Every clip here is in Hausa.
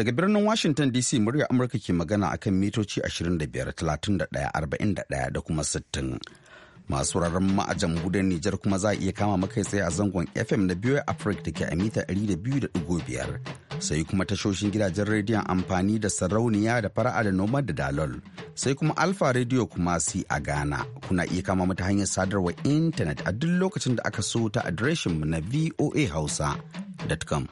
Daga birnin Washington DC muryar Amurka ke magana a kan mitoci 25, 31, 41 da kuma 60. masu wuraren ma'ajan gudun Nijar kuma za a iya kama makai tsaye a zangon FM na biyu Africa da ke a mita 200.5 sai kuma tashoshin gidajen rediyon amfani da sarauniya da fara'a da noma da dalol sai kuma Alfa Radio kuma si a Ghana kuna iya kama mata hanyar sadarwar intanet a duk lokacin da aka so ta adireshin mu na voahausa.com.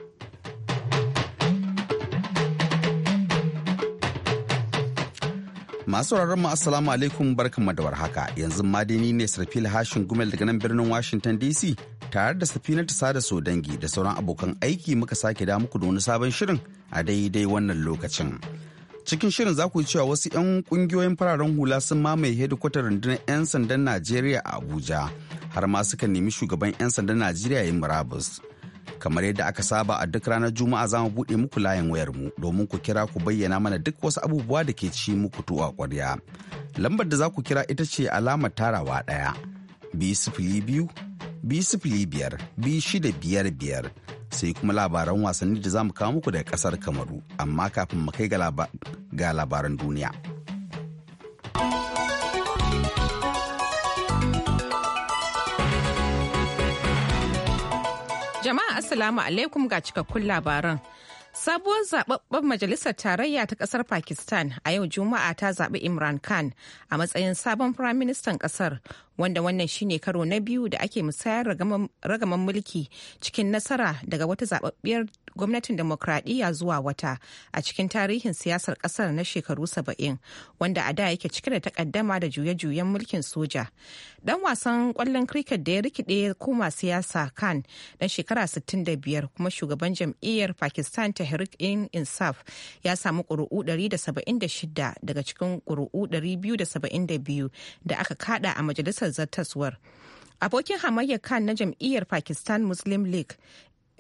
Masu sauraron mu assalamu alaikum barkanmu da warhaka yanzu madini ne sarfil hashin gumel daga nan birnin Washington DC tare da safinar ta sada so dangi da sauran abokan aiki muka sake da muku da wani sabon shirin a daidai wannan lokacin. Cikin shirin za ku cewa wasu 'yan kungiyoyin fararen hula sun mamaye hedikwatar rundunar 'yan sandan Najeriya a Abuja har ma suka nemi shugaban 'yan sandan Najeriya yin murabus. kamar yadda aka saba a duk ranar juma'a za mu buɗe muku layin wayar mu domin ku kira ku bayyana mana duk wasu abubuwa da ke ci muku tuwa ƙwarya lambar da za ku kira ita ce alamar tarawa ɗaya biyu sifili biyu biyu sifili biyar biyu shida biyar biyar sai kuma labaran wasanni da za mu kawo muku daga ƙasar kamaru amma kafin mu kai ga labaran duniya. Jama'a Assalamu alaikum ga cikakkun labaran. Sabuwar zababben Majalisar Tarayya ta ƙasar Pakistan a yau Juma'a ta zaɓi Imran Khan a matsayin sabon Firaministan ƙasar. wanda wannan shine karo na biyu da ake musayar ragaman mulki cikin nasara daga wata zababbiyar gwamnatin demokradiyya zuwa wata a cikin tarihin siyasar kasar na shekaru 70 wanda a da yake cike da takaddama da juye-juyen mulkin soja dan wasan kwallon cricket da ya rikide koma siyasa khan dan shekara 65 kuma shugaban jam'iyyar pakistan tehrik in insaf ya samu kuru'u 176 daga cikin kuru'u 272 da aka kada a majalisar majalisar abokin hamayya khan na jam'iyyar pakistan muslim league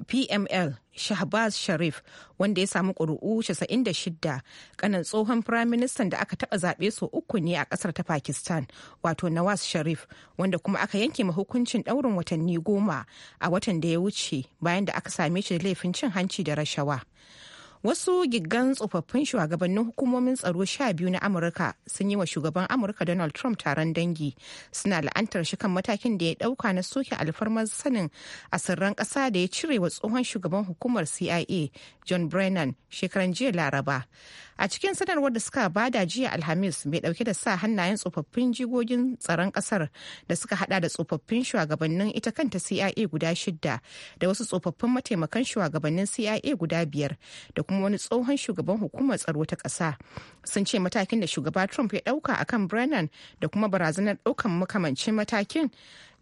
pml shahbaz sharif wanda ya samu ƙuri'u 96 kanan tsohon firaministan da aka taɓa zaɓe su uku ne a ƙasar ta pakistan wato nawaz sharif wanda kuma aka yanke ma hukuncin ɗaurin watanni goma a watan da ya wuce bayan da aka same shi da laifin cin hanci da rashawa wasu giggan tsofaffin shugabannin hukumomin tsaro sha biyu na amurka sun yi wa shugaban amurka donald trump taron dangi suna la'antar shi kan matakin da ya dauka na soke alfarmar sanin a sirran kasa da ya cire wa tsohon shugaban hukumar cia john brennan shekaran jiya laraba a cikin sanarwar da suka bada jiya alhamis mai dauke da sa hannayen tsofaffin jigogin tsaron kasar da suka hada da tsofaffin shugabannin ita kanta cia guda shida da wasu tsofaffin mataimakan shugabannin cia guda biyar da kuma wani tsohon shugaban hukumar tsaro ta ƙasa sun ce matakin da shugaba trump ya ɗauka akan brennan da kuma barazanar ɗaukan makamancin matakin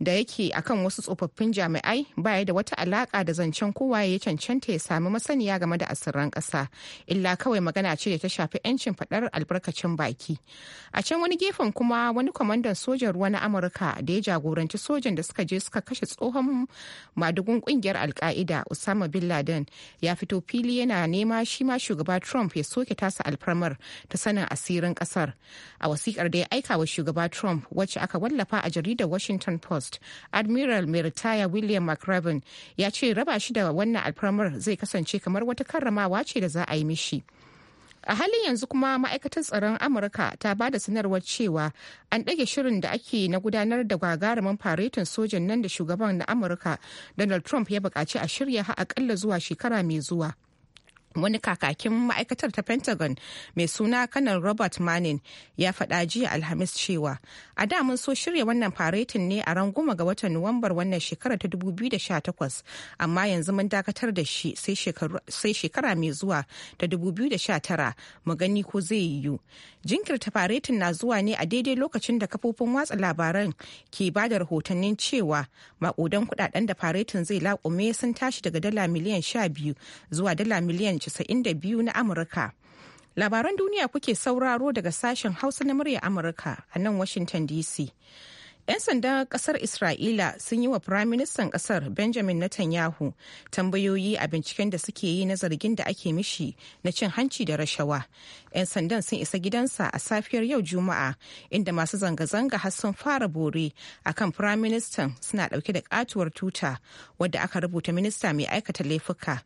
da yake akan wasu tsofaffin jami'ai baya da wata alaka da zancen kowa ya cancanta ya sami masaniya game da asirran ƙasa illa kawai magana ce da ta shafi 'yancin faɗar albarkacin baki a can wani gefen kuma wani kwamandan sojan ruwa na amurka da ya jagoranci sojan da suka je suka kashe tsohon madugun kungiyar alka'ida usama bin laden ya fito fili yana nema shi ma shugaba trump ya soke tasa alfarmar ta sanin asirin ƙasar a wasikar da ya aika wa shugaba trump wacce aka wallafa a jaridar washington post Coast, Admiral mai ritaya William McRaven ya ce raba shi da wannan alfarmar zai kasance kamar wata karramawa ce da za a yi mishi. a halin yanzu kuma ma'aikatar tsaron amurka ta ba da sanarwar cewa an ɗage shirin da ake na gudanar da gagarumin faretin sojan nan da shugaban na amurka donald trump ya buƙaci a shirya ha akalla zuwa shekara mai zuwa wani kakakin ma'aikatar ta pentagon mai suna kanar robert manning ya faɗa jiya alhamis cewa a da mun so shirya wannan faretin ne a ran goma ga watan nuwambar wannan shekara ta 2018 amma yanzu mun dakatar da shi sai shekara mai zuwa ta 2019 mu gani ko zai yiwu jinkirta faretin na zuwa ne a daidai lokacin da kafofin watsa labaran ke ba da rahotannin cewa makudan kudaden da faretin zai laƙume sun tashi daga dala miliyan 12 zuwa dala miliyan 92 na Amurka. Labaran duniya kuke sauraro daga sashen Hausa na murya Amurka a nan Washington DC. 'Yan sandan kasar Isra'ila sun yi wa Firaministan kasar Benjamin Netanyahu tambayoyi a binciken da suke yi na zargin da ake mishi na cin hanci da rashawa. 'Yan sandan sun isa gidansa a safiyar yau Juma'a inda masu zanga-zanga har sun fara bore a kan Firaministan suna ɗauke da katuwar tuta wadda aka rubuta minista mai aikata laifuka.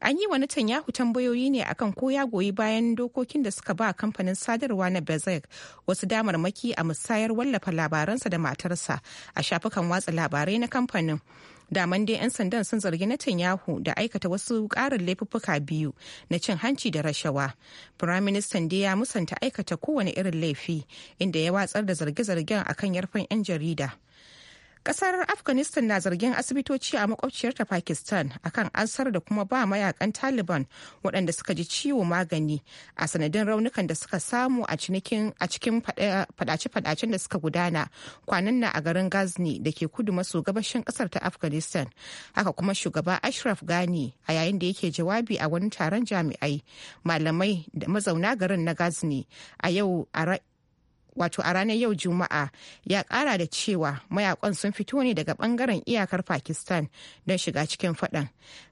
An yi wa Netanyahu tambayoyi ne akan ko ya goyi bayan dokokin da suka ba kamfanin sadarwa na Bezek wasu damarmaki a musayar wallafa labaransa da matarsa a shafukan watsa labarai na kamfanin. Daman dai 'yan sandan sun zargi na tanyahu da aikata wasu ƙarin laifuffuka biyu na cin hanci da rashawa. Firaministan dai ya musanta aikata kowane irin laifi inda ya watsar da zarge-zargen akan yarfan 'yan jarida. Kasar Afghanistan na zargin asibitoci a ta Pakistan akan ansar da kuma ba mayakan Taliban waɗanda suka ji ciwo magani a sanadin raunukan da suka samu a cikin fadace-fadacen da suka gudana kwanan na a garin Ghazni da ke kudu maso gabashin kasar ta Afghanistan. Haka kuma shugaba Ashraf gani a yayin da yake jawabi a wani taron jami'ai malamai da mazauna garin na Ghazni a yau wato a ranar yau juma'a ya kara da cewa mayakon sun fito ne daga bangaren iyakar pakistan don shiga cikin fadan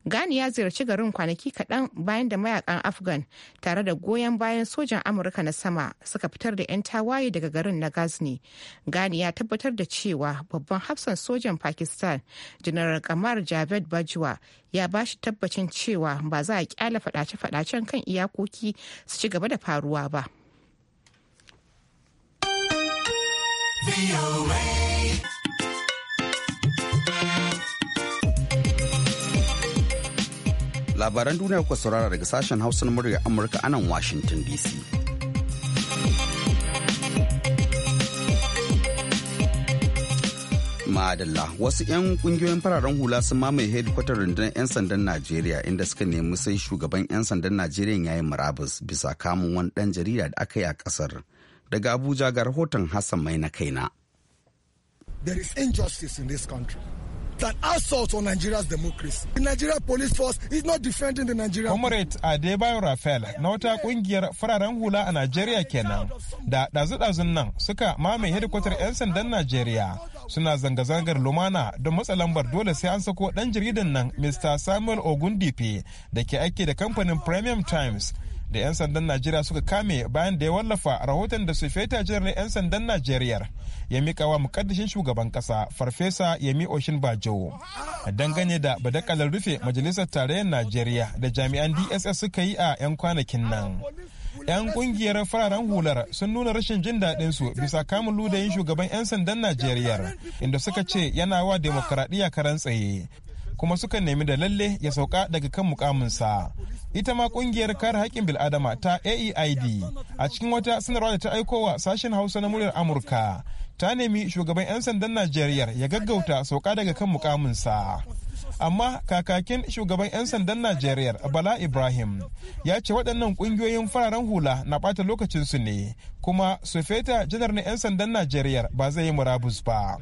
gani ya ziyarci garin kwanaki kaɗan bayan da mayakan afghan tare da goyon bayan sojan amurka na sama suka fitar da 'yan tawaye daga garin na gazni gani ya tabbatar da cewa babban hafsan sojan pakistan janar kamar javed bajwa ya ba shi tabbacin cewa ba za a kyala fadace-fadacen kan iyakoki su ci gaba da faruwa ba. Labaran duniya kuka saurara daga sashen Hausa na murya Amurka anan Washington DC. Madalla wasu 'yan kungiyoyin fararen hula sun mamaye hedikwatar rundunar 'yan sandan Najeriya inda suka nemi sai shugaban 'yan sandan Najeriya yayi murabus bisa kamun wani ɗan jarida da aka yi a ƙasar. Daga Abuja ga rahoton Hassan mai na kaina. There is injustice in this country. That assault on Nigeria's democracy. The Nigeria police force is not defending the Nigerian. Comrade Adebayo Rafael na wata kungiyar fararen hula a nigeria kenan da dazu-dazun nan suka mamaye hedikwatar 'yan sandan nigeria suna zanga-zangar lumana don matsa lambar dole sai an sako dan jaridan nan Mr. Samuel Ogundipe da ke aiki da kamfanin Premium Times da 'yan sandan najeriya suka kame bayan da ya wallafa rahoton da su sufeta na 'yan sandan najeriya ya mika wa mukaddashin shugaban kasa farfesa yemi oshin bajo dangane da badakalar rufe majalisar tarayyar najeriya da jami'an dss suka yi a 'yan kwanakin nan 'yan kungiyar fararen hular sun nuna rashin jin daɗin su bisa kamun ludayin shugaban 'yan sandan najeriya inda suka ce yana wa demokaradiyya karan tsaye kuma suka nemi da lalle ya sauka daga kan mukaminsa ita ma kungiyar kare haƙƙin bil'adama ta aeid a cikin wata sanarwa da ta aiko wa sashen hausa na muryar amurka ta nemi shugaban 'yan sandan najeriya ya gaggauta sauka daga kan mukaminsa amma kakakin shugaban 'yan sandan najeriya bala ibrahim ya ce waɗannan ƙungiyoyin fararen hula na ɓata lokacinsu ne kuma sufeta janar na 'yan sandan najeriya ba zai yi murabus ba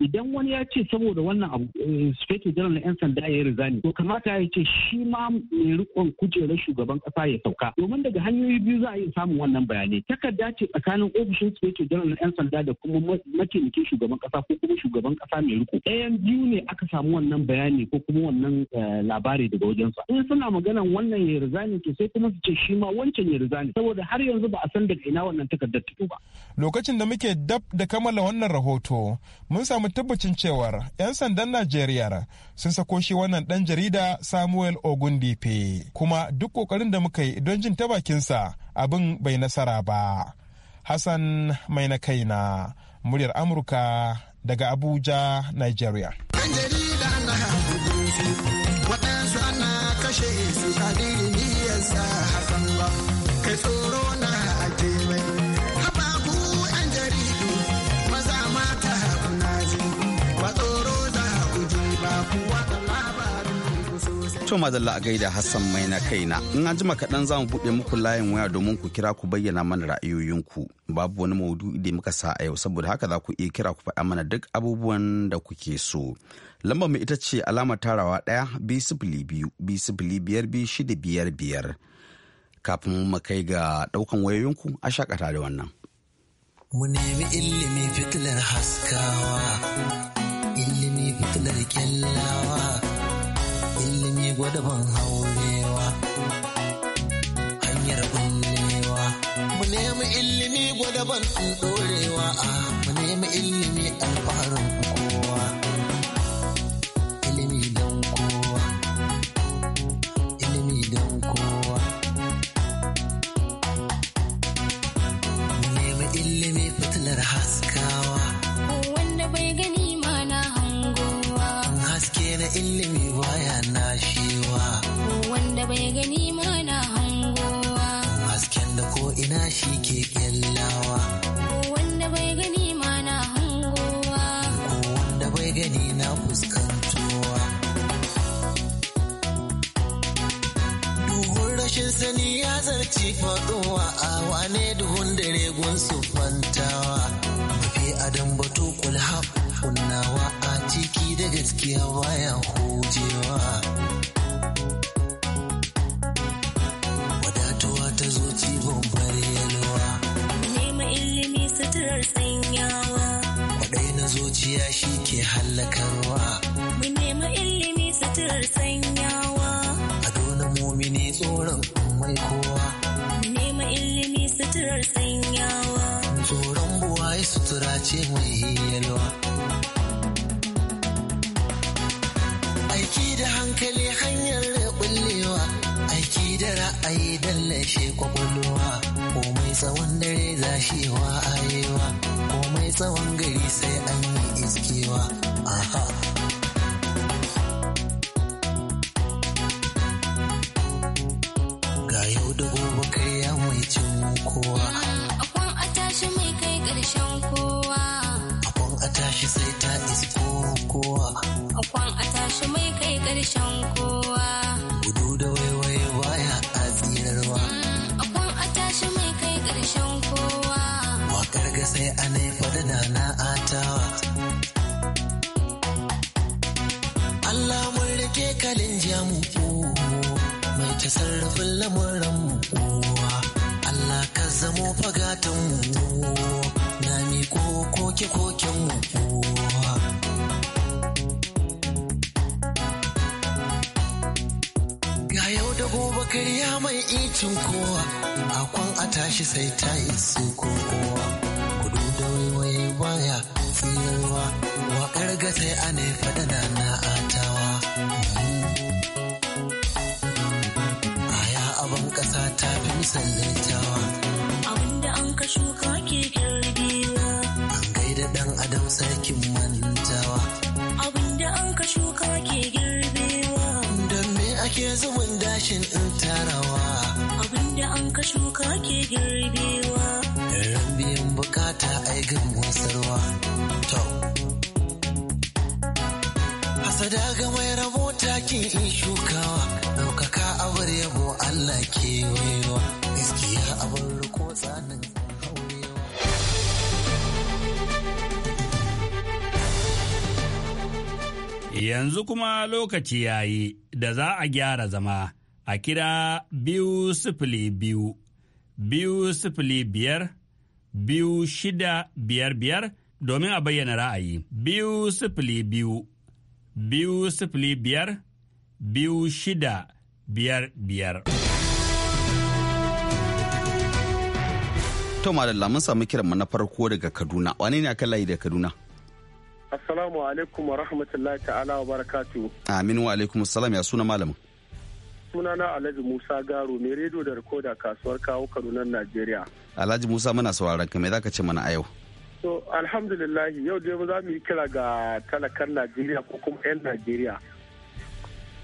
idan wani ya ce saboda wannan abu eh, spector general na 'yan sanda ya rizani to kamata ya ce shi ma mai rikon kujerar shugaban kasa ya sauka domin daga hanyoyi biyu za a iya samun wannan bayanai takarda ce tsakanin ofishin spector general na 'yan sanda da kuma mataimakin shugaban kasa ko kuma shugaban kasa mai riko ɗayan biyu ne aka samu wannan bayani ko kuma wannan eh, labari daga wajensa in suna maganan wannan ya rizani to sai kuma su ce shi ma wancan ya rizani saboda har yanzu ba a san daga ina wannan takardar ta ba lokacin da muke dab da kammala wannan rahoto mun samu tabbacin cewar 'yan sandan Najeriya sun sako shi wannan ɗan jarida Samuel Ogundipe kuma duk ƙoƙarin da muka yi don jin ta bakinsa abin bai nasara ba. Hassan mai na kaina muryar Amurka daga Abuja, Nigeria. waɗansu na kashe su To madalla a gaida Hassan mai na kaina. In an jima kaɗan za mu buɗe muku layin waya domin ku kira ku bayyana mana ra'ayoyinku. Babu wani maudu da muka sa a yau saboda haka za ku iya kira ku faɗa mana duk abubuwan da kuke so. Lambar mu ita ce alamar tarawa ɗaya bi sifili biyu bi sifili biyar bi shida biyar biyar. Kafin mu kai ga ɗaukan wayoyinku a shakata da wannan. Mu nemi ilimi fitilar haskawa, ilimi fitilar kyallawa. gwada ban haurewa hanyar kullewa mu nemi ilimi gwada ban dorewa a mu nemi ilimi alfaharin kowa ilimi don kowa ilimi don kowa mu nemi ilimi fitilar haskawa wanda bai gani mana na hangowa haske na ilimi baya nashi mai faɗowa a wane duhun dare gun su fantawa ke adam batu kunnawa a ciki da gaskiya baya hujewa wadatuwa ta zo cibin nema ilimi suturar sanyawa kwadai na zuciya shi ke hallakarwa mu nema ilimi suturar sanyawa a dole mumini tsoron mai ko ce mai yalwa. Aiki da hankali hanyar kullewa, aiki da ra'ayi dallashe kwakwalwa, komai tsawon dare zashewa ayewa, komai tsawon gari sai an yi iskewa. Aha. harshen Gudu da waiwaye baya mm, a tsirarwa. A mai kai ƙarshen kowa. Wakar ga sai a naifa da na atawa. Allah mun rike kalin jamu mai ta sarrafin lamuran kowa. Allah ka zamo fagatan mu na mi koke koken mu karya mai icin kowa akwan a tashi sai ta isi kowa kudu da waiwaye baya tsirarwa wa ga sai a ne fada da na atawa aya abin kasa ta fi misallantawa abinda an ka shuka ke an gaida dan adam sarkin ka shuka ke girbewa rabin bukata ai gabuwan sarwa to hasada ga mai rabo take in shukawa ɗaukaka abar yabo Allah ke waiwa gaskiya abar riko tsanin Yanzu kuma lokaci yayi da za a gyara zama a kira biyu sifili biyu biyu sifili biyar biyu shida biyar biyar domin a bayyana ra'ayi biyu sifili biyu biyu sifili biyar biyu shida biyar biyar. To Malalla mun samu kiranmu na farko daga Kaduna. Wane ne akan layi da Kaduna? Assalamu alaikum wa rahmatullahi ta'ala wa barakatu. Aminu wa alaikum wa salam ya suna malamin. sunana Alhaji Musa Garo mai rediyo da rikoda kasuwar kawo nan Najeriya. Alhaji Musa muna sauraron ka za zaka ce mana a yau? so alhamdulillah yau dai za mu yi kira ga talakan Najeriya ko kuma 'yan Najeriya.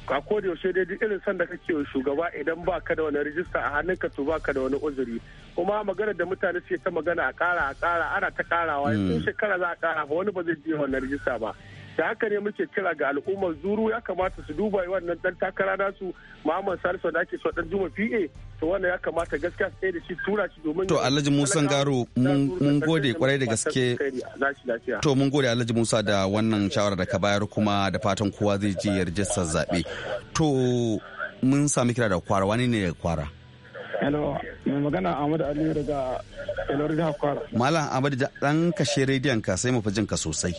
A koda yaushe dai duk irin sanda kake shugaba idan ba ka da wani rijista a hannunka to ba ka da wani uzuri. Kuma magana da mutane suke ta magana a kara a kara ana ta karawa hmm. yanzu shekara za a kara ba wani ba zai je wani rijista ba. da haka ne muke kira ga al'ummar zuru ya kamata su duba wannan dan takara nasu Muhammad Salisu da ake so dan Juma PA to wannan ya kamata gaskiya su da shi tura shi domin to Alhaji Musa Garo mun gode kwarai da gaske to mun gode Alhaji Musa da wannan shawara da ka bayar kuma da fatan kowa zai ji yarjistar zabe to mun sami kira da kwara wani ne kwara hello mai magana Ahmadu Ali daga Elori Kwara malam Ahmadu dan kashe rediyon ka sai mu fi jinka sosai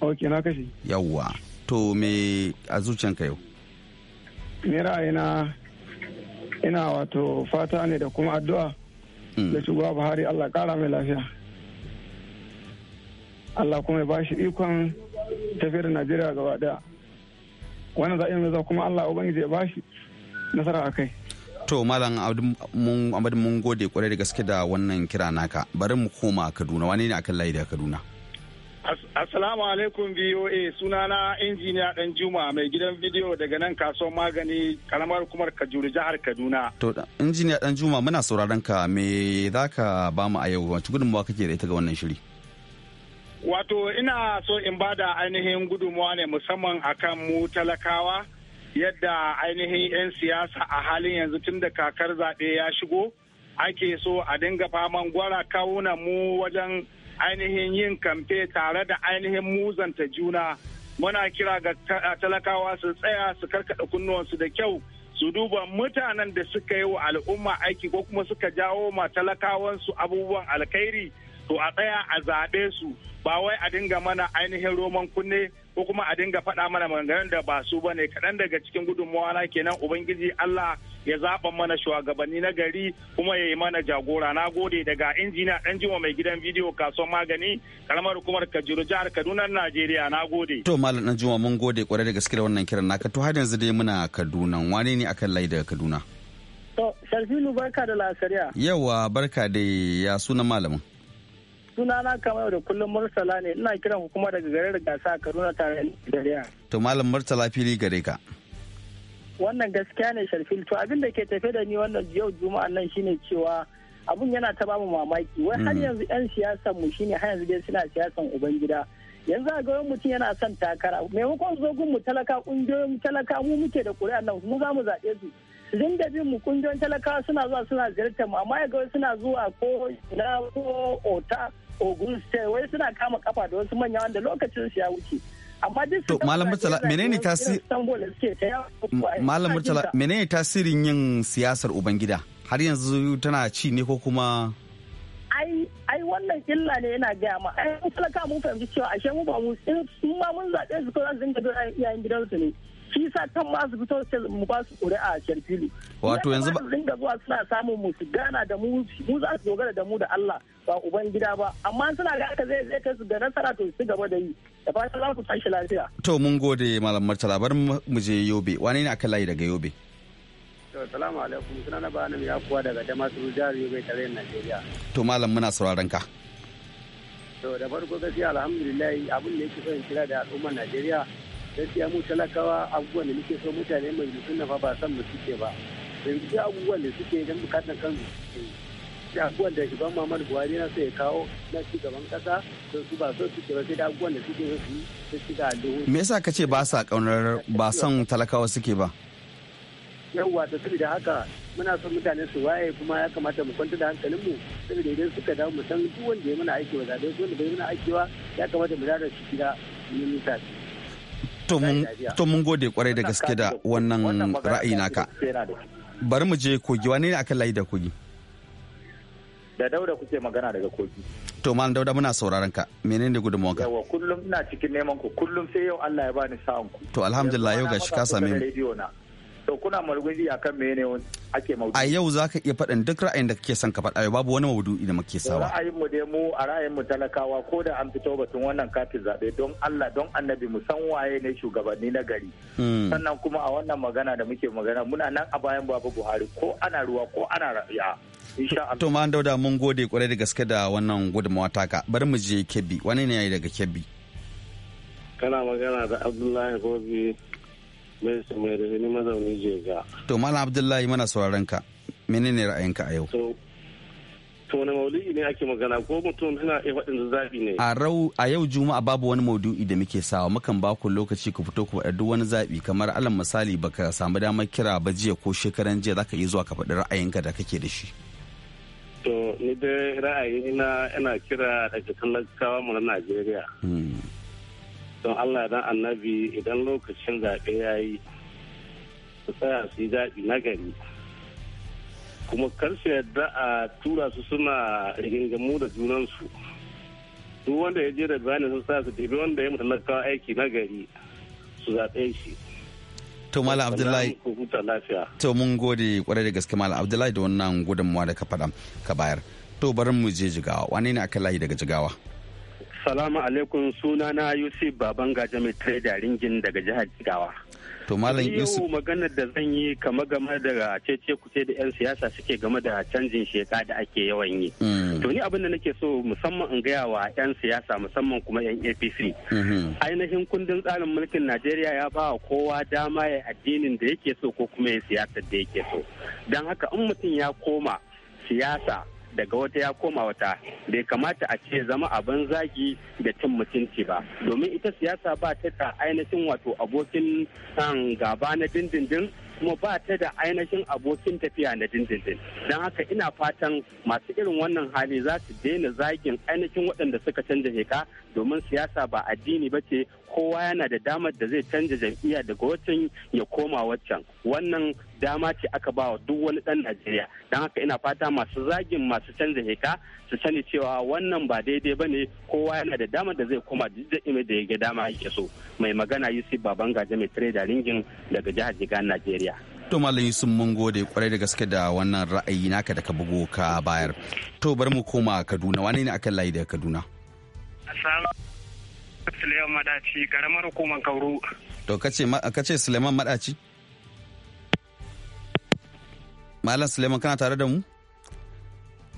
ok na kashe yawwa to me a zuciyanka yau me ra'ayina ina wato fata ne da kuma addu'a mm. da shugaba buhari allah kara mai lafiya allah kuma ya bashi ikon tafiyar da najeriya gaba daya wannan zaɓen mai za kuma allah ubangiji ya bashi nasara a kai to malam amadu mun gode kwarai da gaske da wannan kira naka bari mu koma kaduna wani ne akan layi da kaduna Assalamu alaikum VOA sunana injiniya dan Juma mai gidan bidiyo daga nan kasuwar magani karamar kumar Kajuru jihar Kaduna. To injiniya dan Juma muna sauraron ka me zaka ba mu a yau wace gudunmawa kake da ita ga wannan shiri? Wato ina so in ba da ainihin gudunmawa ne musamman akan mu talakawa yadda ainihin 'yan siyasa a halin yanzu tun da kakar zaɓe ya shigo ake so a dinga faman gwara kawunan mu wajen ainihin yin kamfe tare da ainihin muzanta juna muna kira ga talakawa su tsaya su karkaɗa kunnuwansu da kyau su duba mutanen da suka yi wa al'umma aiki ko kuma suka jawo ma talakawansu abubuwan alkhairi to a tsaya a zaɓe su ba wai a dinga mana ainihin roman kunne ko kuma a dinga faɗa mana maganganun da ba su bane kaɗan daga cikin gudunmawa na kenan ubangiji Allah ya zaɓa mana shugabanni na gari kuma ya yi mana jagora na gode daga injina ɗan jima mai gidan bidiyo kasuwan magani karamar hukumar kajiru jihar kaduna najeriya na gode. to malam ɗan jima mun gode kwarai da gaske da wannan kiran naka to har yanzu dai muna kaduna wane ne akan layi daga kaduna. to sharfilu barka da lasariya. yawa barka da ya suna malamin. sunana kamar da kullum murtala ne ina kiran hukuma daga garin gasa kaduna tare da to malam murtala fili gare ka. wannan gaskiya ne sharfil to abin da ke tafe da ni wannan yau juma'a nan shine cewa abun yana ta bamu mamaki wai har hmm. yanzu yan siyasan mu shine har yanzu dai suna siyasan ubangida yanzu a gaban mutum yana son takara maimakon zogun mu talaka kungiyoyin talaka mu muke da kuri'a nan mu za mu zaɓe su da bin mu kungiyoyin talakawa suna zuwa suna ziyartar mu amma ya suna zuwa ko na ko ota ogun wai suna kama kafa da wasu manya wanda lokacin su ya wuce To Malam Murtala menene tasiri tasirin yin siyasar Ubangida? Har yanzu tana ci ne ko kuma ai ai wannan illa ne yana gaya ma ai mun talaka mun fahimci cewa ashe mu ba mu in ma mun zaɓe su ko za su dinga dora iyayen gidansu ne shi sa kan ma su fito mu ba su ƙuri'a a Sharfilu. Wato yanzu ba. Dinga zuwa suna samun mu su gana da mu mu za su dogara da mu da Allah ba uban gida ba amma suna ga aka zai zai kai su nasara to su gaba da yi da fatan za ku tashi lafiya. To mun gode malam Murtala labar mu je Yobe wani ne aka layi daga Yobe. To salamu alaikum suna na bayanin ya kuwa daga Damasu jihar Yobe tare Najeriya. To malam muna sauraron ka. To da farko gaskiya alhamdulillah abin da yake son kira da al'ummar Najeriya gaskiya mu talakawa abubuwan da muke so mutane mai mutum na ba san mu suke ba yanzu sai abubuwan da suke don bukatar kansu da abubuwan da shugaban Muhammadu Buhari na so ya kawo na ci gaban kasa don su ba so suke ba sai da abubuwan da suke su su shiga aljihu. Me yasa ka ce ba sa kaunar ba son talakawa suke ba? Yawwa da da haka muna son mutane su waye kuma ya kamata mu kwanta da hankalin mu saboda idan suka dawo mu san duk wanda ya mana aiki ba zaɓe wanda bai mana aiki ba ya kamata mu dada shi gida mu yi to mun gode kwarai da gaske da wannan ra'ayi naka bari mu je kogi wani ne aka layi da kogi da dauda kuke magana daga kogi to malam dauda muna sauraron ka menene ne gudunmawar ka yawa kullum ina cikin neman ku kullum sai yau Allah ya bani sa'an ku to alhamdulillah yau gashi ka same mu so kuna a kan mene ake maudu a yau za ka iya faɗin duk ra'ayin da kake son ka faɗa yau babu wani maudu'i da muke sawa ra'ayin mu dai mu a ra'ayin mu talakawa ko da an fito batun wannan kafin zaɓe don Allah don Annabi mu san waye ne shugabanni na gari hmm. sannan kuma a wannan magana da muke magana muna nan a bayan babu Buhari ko ana ruwa ko ana rafiya To ma dauda mun gode kwarai da gaske da wannan gudunmawa taka bari mu je Kebbi wani ne ya yi daga Kebbi kana magana da Abdullahi Gobi mai da mazauni jega to malam abdullahi mana sauraron ka menene ra'ayinka a yau to wani maulidi ne ake magana ko mutum suna iya faɗin zaɓi ne a rau a yau juma'a babu wani maudu'i da muke sawa mukan ba ku lokaci ku fito ku faɗi duk wani zaɓi kamar alal misali baka samu damar kira ba jiya ko shekaran jiya zaka yi zuwa ka faɗi ra'ayinka da kake da shi to ni dai ra'ayi na yana kira daga talakawa mu na Najeriya hmm. don allah dan annabi idan lokacin zaɓe ya yi su tsaya su yi zaɓi na gari kuma kar su yadda a tura su suna rigingamu da junansu duk wanda ya je da bayanin sun sa su ɗebi wanda ya kawo aiki na gari su zaɓe shi to mala abdullahi to mun gode kwarai da gaske mala abdullahi da wannan gudunmuwa da ka faɗa ka bayar to bari mu je jigawa wane ne aka layi daga jigawa Salamu alaikum sunana Yusuf Baban Gaja mai trader ringin daga jihar Jigawa. To Malam Yusuf. Yau maganar da zan yi kama game da cece kuce da 'yan siyasa suke game da canjin sheka da ake yawan yi. Mm. To ni abin da nake so musamman in gaya wa 'yan siyasa musamman kuma 'yan APC. Mm-hmm. Ainihin kundin tsarin mulkin Najeriya ya ba kowa dama ya addinin da yake so ko kuma ya siyasar da yake so. Don haka in mutum ya koma siyasa daga wata ya koma wata bai kamata a ce zama abin zagi da cin mutunci ba domin ita siyasa ba ta da ainihin wato abokin um, gaba na dindindin kuma ba ta da ainihin abokin tafiya na dindindin don haka ina fatan masu irin wannan hali za su daina zagin ainihin waɗanda suka canza heka domin siyasa ba addini ba ce kowa yana da damar da zai canza jam'iyya daga wacan ya koma waccan wannan dama ce aka bawa duk wani ɗan Najeriya. Don haka ina fata masu zagin masu canza heka su sani cewa wannan ba daidai ba ne kowa yana da dama da zai koma duk da da ya ga dama yake so. Mai magana baban gaje mai da Ringin daga jihar Jigan Najeriya. To Malam Yusuf mun gode kwarai da gaske da wannan ra'ayi naka da ka bugo ka bayar. To bari mu koma Kaduna wani ne akan layi daga Kaduna? Suleiman Madaci, karamar hukumar Kauru. To kace kace Suleiman Madaci? Malam Suleiman kana tare da mu?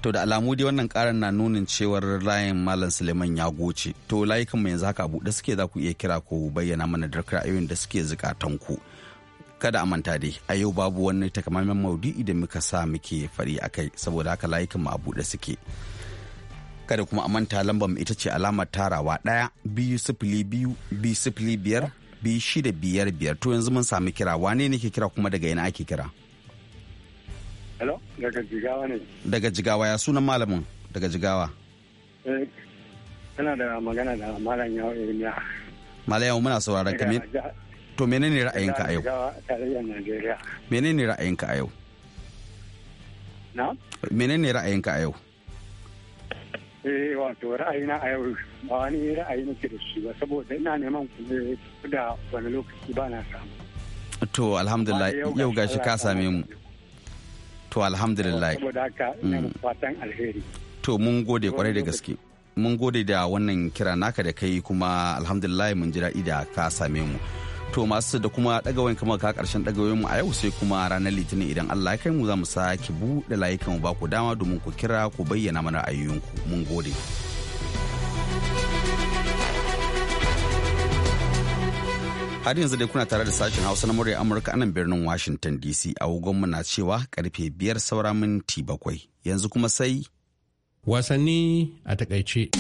To da alamu dai wannan karan na nunin cewar layin Malam Suleiman ya goce. To layukan mu yanzu haka buɗe suke za ku iya kira ko bayyana mana da ra'ayoyin da suke zukatan ku Kada a manta dai a yau babu wani takamaiman maudu'i da muka sa muke fari akai saboda haka layukan mu a buɗe suke. Kada kuma a manta lambar mu ita ce alamar tarawa ɗaya biyu sifili biyu biyu sifili biyar biyu shida biyar biyar to yanzu mun sami kira wane ne ke kira kuma daga ina ake kira? Hello? Daga Jigawa ne. Daga Jigawa ya sunan malamin daga Jigawa. Eh, da magana da malam yawo Irmiya. Malam yau muna sauraron kame. To menene ra'ayinka a yau? Menene ra'ayinka a yau? Na? Menene ra'ayinka a yau? eh wato ra'ayina a yau ba wani ra'ayi nake da shi ba saboda ina neman kuɗi da wani lokaci ba na samu. To alhamdulillah yau gashi ka same mu. to alhamdulillah mm. to mun gode kwarai da gaske mun gode da wannan kira naka da kai kuma alhamdulillah mun jira daɗi ka same mu to masu da kuma ɗagawayin kamar ka ƙarshen ɗagawayin mu a yau sai kuma ranar litinin idan Allah ya kai mu za mu sake buɗe layukan ba ku dama domin ku kira ku bayyana mana ayoyinku mun gode. har yanzu dai kuna tare da sashen hausa na murya amurka anan birnin washington dc agogonmu na cewa karfe biyar saura minti bakwai yanzu kuma sai wasanni a takaice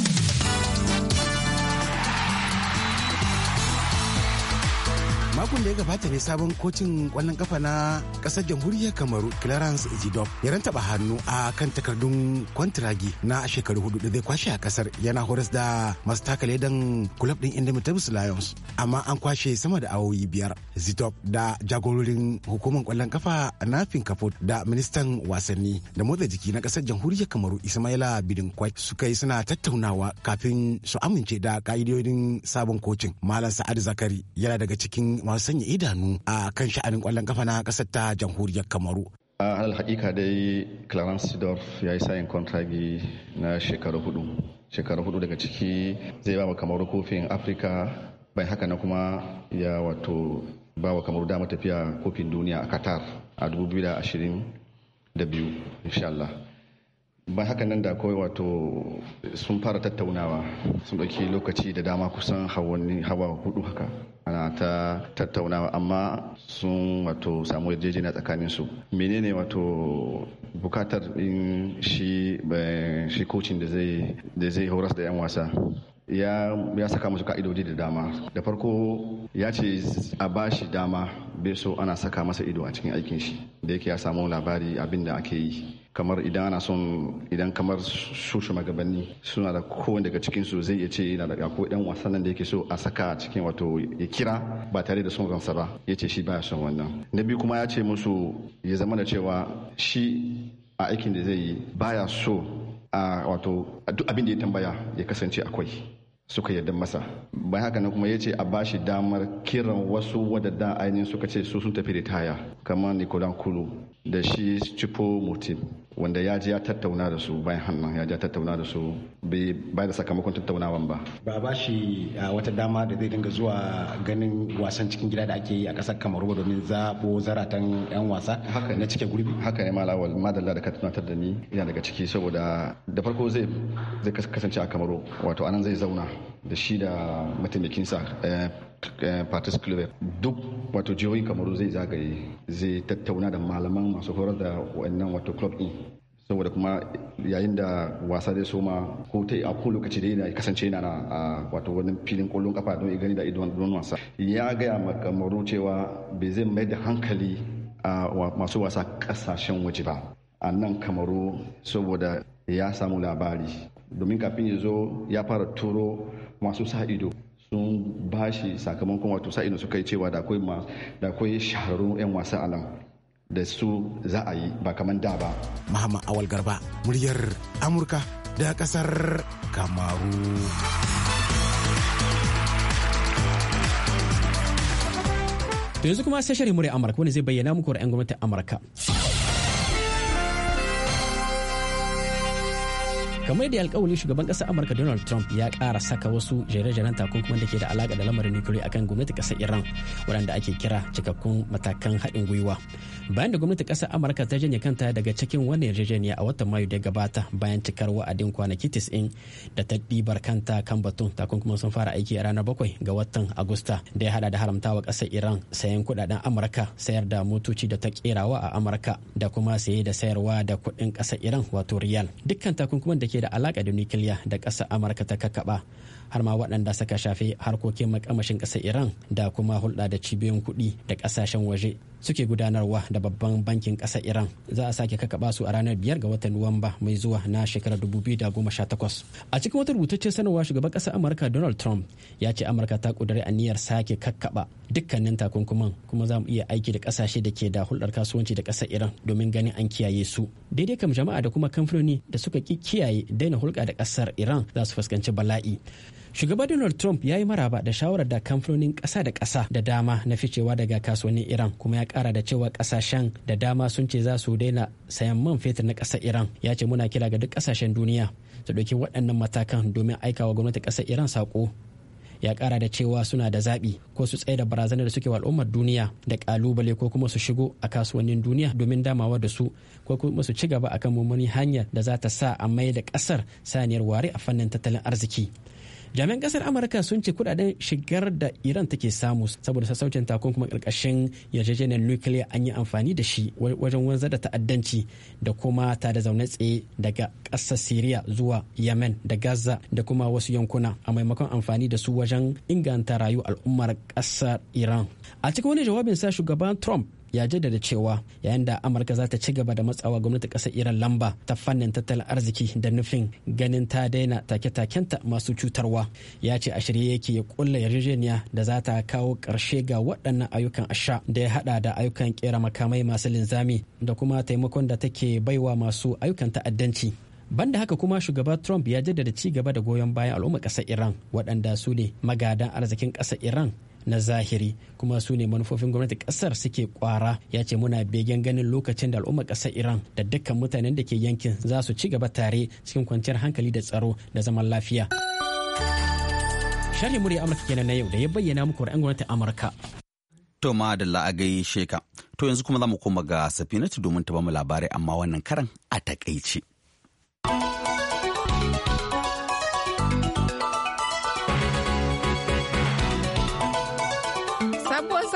makon da ya gabata ne sabon kocin kwallon kafa na kasar jamhuriyar kamaru clarence zidop ya rantaba hannu a kan takardun kwantiragi na shekaru hudu da zai kwashe a kasar yana horas da masu taka ledan kulab din indomitables lions amma an kwashe sama da awoyi biyar zidop da jagororin hukumar kwallon kafa na finkafot da ministan wasanni da motsa jiki na kasar jamhuriyar kamaru ismaila bidinkwai suka yi suna tattaunawa kafin su amince da ka'idodin sabon kocin malam sa'ad zakari yana daga cikin masu sanya idanu a kan sha'anin kwallon kafa na kasar ta jamhuriyar kamaru a alhaƙiƙa hakika dai clarence sidorf ya yi sayin kontragi na shekaru hudu shekaru hudu daga ciki zai ba kamaru kofin afirka bai haka na kuma ya wato ba wa kamaru dama tafiya kofin duniya a qatar a 2022 insha Allah. ba haka nan da kawai wato sun fara tattaunawa sun ɗauki lokaci da dama kusan hawa hudu haka ana ta tattaunawa amma sun wato samu yarjejeniya tsakanin su menene wato bukatar in shi eh, shi kocin da zai horas da 'yan wasa ya saka musu ka'idodi da dama da farko ya ce a bashi dama bai so ana saka masa ido a cikin aikin shi da yake ya samu labari abin da ake yi kamar idan ana son idan kamar su shugabanni suna da kowane daga cikin su zai iya ce yana da ko yan wasan nan da yake so a saka a cikin wato ya kira ba tare da son gamsa ba ya ce shi baya son wannan na biyu kuma ya ce musu ya zama da cewa shi a aikin da zai yi baya so a wato duk abin da ya tambaya ya kasance akwai suka yarda masa bayan haka nan kuma ya ce a bashi damar kiran wasu wadanda ainihin suka ce su sun tafi ritaya kamar nicolan kulu da shi cipo mutum wanda ya je ya tattauna da su bayan hannun ya je tattauna da su bai da sakamakon tattaunawan ba ba ba shi wata dama da zai dinga zuwa ganin wasan cikin gida da ake yi a kasar kamaru domin zabo zaratan yan wasa na cike gurbi haka ne malawal madalla da ka tunatar da ni ina daga ciki saboda da farko zai zai kasance a kamaru wato anan zai zauna da shi da mataimakinsa eh, Eh, partis duk wato jihohin kamaru zai zagaye zai tattauna da malaman masu horar da wannan wato club din saboda kuma yayin da wasa zai soma ko ta a ko lokaci da yana kasance yana na wato wani filin kwallon kafa don gani da idon don wasa ya gaya ma kamaru cewa bai zai mai da hankali a masu wasa kasashen waje ba a nan kamaru saboda ya samu labari domin kafin ya zo ya fara turo masu sa ido sun bashi sakamakon wato sa'inu suka yi cewa da akwai shahararrun 'yan wasa alam da su za a yi ba kamar da ba. Muhammad Awal Garba, muryar Amurka da kasar Kamaru. yanzu kuma sai shirin murya Amurka wani zai bayyana muku ra'ayin gwamnatin Amurka. kamar da alkawali shugaban kasar amurka donald trump ya kara saka wasu jere-jeren takunkuman da ke da alaka da lamarin nukiliya akan gwamnati kasar iran waɗanda ake kira cikakkun matakan haɗin gwiwa bayan da gwamnati kasar amurka ta janye kanta daga cikin wannan yarjejeniya a watan mayu da gabata bayan cikar wa'adin kwanaki 90 da ta ɗibar kanta kan batun takunkuman sun fara aiki a ranar bakwai ga watan agusta da ya hada da haramtawa kasar iran sayan kuɗaɗen amurka sayar da motoci da ta kerawa a amurka da kuma saye da sayarwa da kuɗin kasar iran wato riyal dukkan takunkuman da ke da alaƙa da nukiliya da ƙasar amurka ta kakaɓa har ma waɗanda suka shafi harkokin makamashin ƙasar iran da kuma hulɗa da cibiyoyin kuɗi da ƙasashen waje suke gudanarwa da babban bankin ƙasar iran za a sake kakaba su a ranar biyar ga watan nuwamba mai zuwa na shekarar takwas a cikin wata rubutaccen sanarwa shugaban ƙasar amurka donald trump ya ce amurka ta ƙudiri aniyar sake kakaba dukkanin takunkuman kuma za mu iya aiki da ƙasashe da ke da hulɗar kasuwanci da ƙasar iran domin ganin an kiyaye su daidai kam jama'a da kuma kamfanoni da suka ki kiyaye daina hulɗa da ƙasar iran za su fuskanci bala'i Shugaba Donald Trump ya yi maraba da shawarar da kamfanonin ƙasa da kasa da dama na ficewa daga kasuwannin Iran kuma ya kara da cewa kasashen da dama sun ce za su daina sayan man fetur na ƙasar Iran. Ya ce muna kira ga duk kasashen duniya su ɗauki waɗannan matakan domin aikawa gwamnati ƙasar Iran saƙo. Ya kara da cewa suna da zaɓi ko su tsaye da barazanar da suke wa al'ummar duniya da ƙalubale ko kuma su shigo a kasuwannin duniya domin damawa da su ko kuma su ci gaba akan mummuni hanyar da za ta sa a mai da ƙasar saniyar ware a fannin tattalin arziki. jami'an kasar amurka sun ce kudaden shigar da iran take samu saboda sassaucin takunkuma karkashin yarjejeniyar nukiliya an yi amfani da shi wajen wanzar da ta'addanci da kuma ta da zaune tsaye daga ƙasar syria zuwa yemen da gaza da kuma wasu yankuna a maimakon amfani da su wajen inganta rayu al'ummar ƙasar iran a cikin wani jawabin sa shugaban trump ya jaddada cewa yayin da amurka za ta ci gaba da matsawa gwamnati kasar iran lamba ta fannin tattalin arziki da nufin ganin ta daina take-takenta masu cutarwa ya ce a shirye yake ya kulla yarjejeniya da za ta kawo ƙarshe ga waɗannan ayyukan asha da ya haɗa da ayyukan kera makamai masu linzami da kuma taimakon da take baiwa masu ayyukan ta'addanci banda haka kuma shugaba trump ya jaddada ci gaba da goyon bayan al'ummar ƙasar iran waɗanda su ne magadan arzikin ƙasar iran na zahiri kuma su ne manufofin gwamnati kasar suke kwara ya ce muna begen ganin lokacin da al'ummar kasar iran da dukkan mutanen da ke yankin za su ci gaba tare cikin kwanciyar hankali da tsaro da zaman lafiya sharhi murya amurka kenan na yau da ya bayyana muku ra'ayin gwamnatin amurka to ma da la'agai sheka to yanzu kuma za mu koma ga safinatu domin ta bamu labarai amma wannan karan a takaice.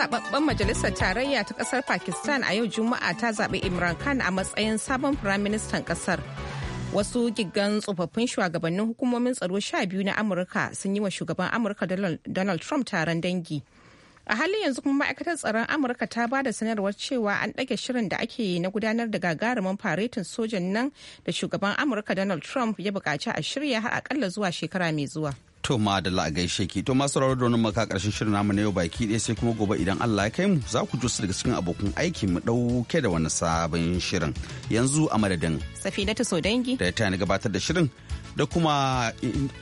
zababben majalisar tarayya ta kasar Pakistan a yau Juma'a ta zaɓi Imran Khan a matsayin sabon firaministan kasar. Wasu gigan tsofaffin shugabannin hukumomin tsaro sha biyu na Amurka sun yi wa shugaban Amurka Donald Trump taron dangi. A halin yanzu kuma ma'aikatar tsaron Amurka ta ba da sanarwar cewa an ɗage shirin da ake yi na gudanar da gagarumin faretin sojan nan da shugaban Amurka Donald Trump ya buƙaci a shirya har akalla zuwa shekara mai zuwa. To ma da gaishe ki. To masu rawar da wani maka karshen shirin namu na yau baki ɗaya sai kuma gobe idan Allah ya kai mu za ku su daga cikin abokan aiki mu ɗauke da wani sabon shirin. Yanzu a madadin. Safinatu dangi. Da ta ni gabatar da shirin da kuma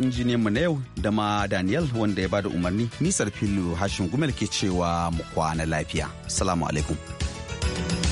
injiniyan mu na yau da ma Daniel wanda ya bada umarni nisar filu Hashim Gumel ke cewa mu kwana lafiya. Assalamu alaikum.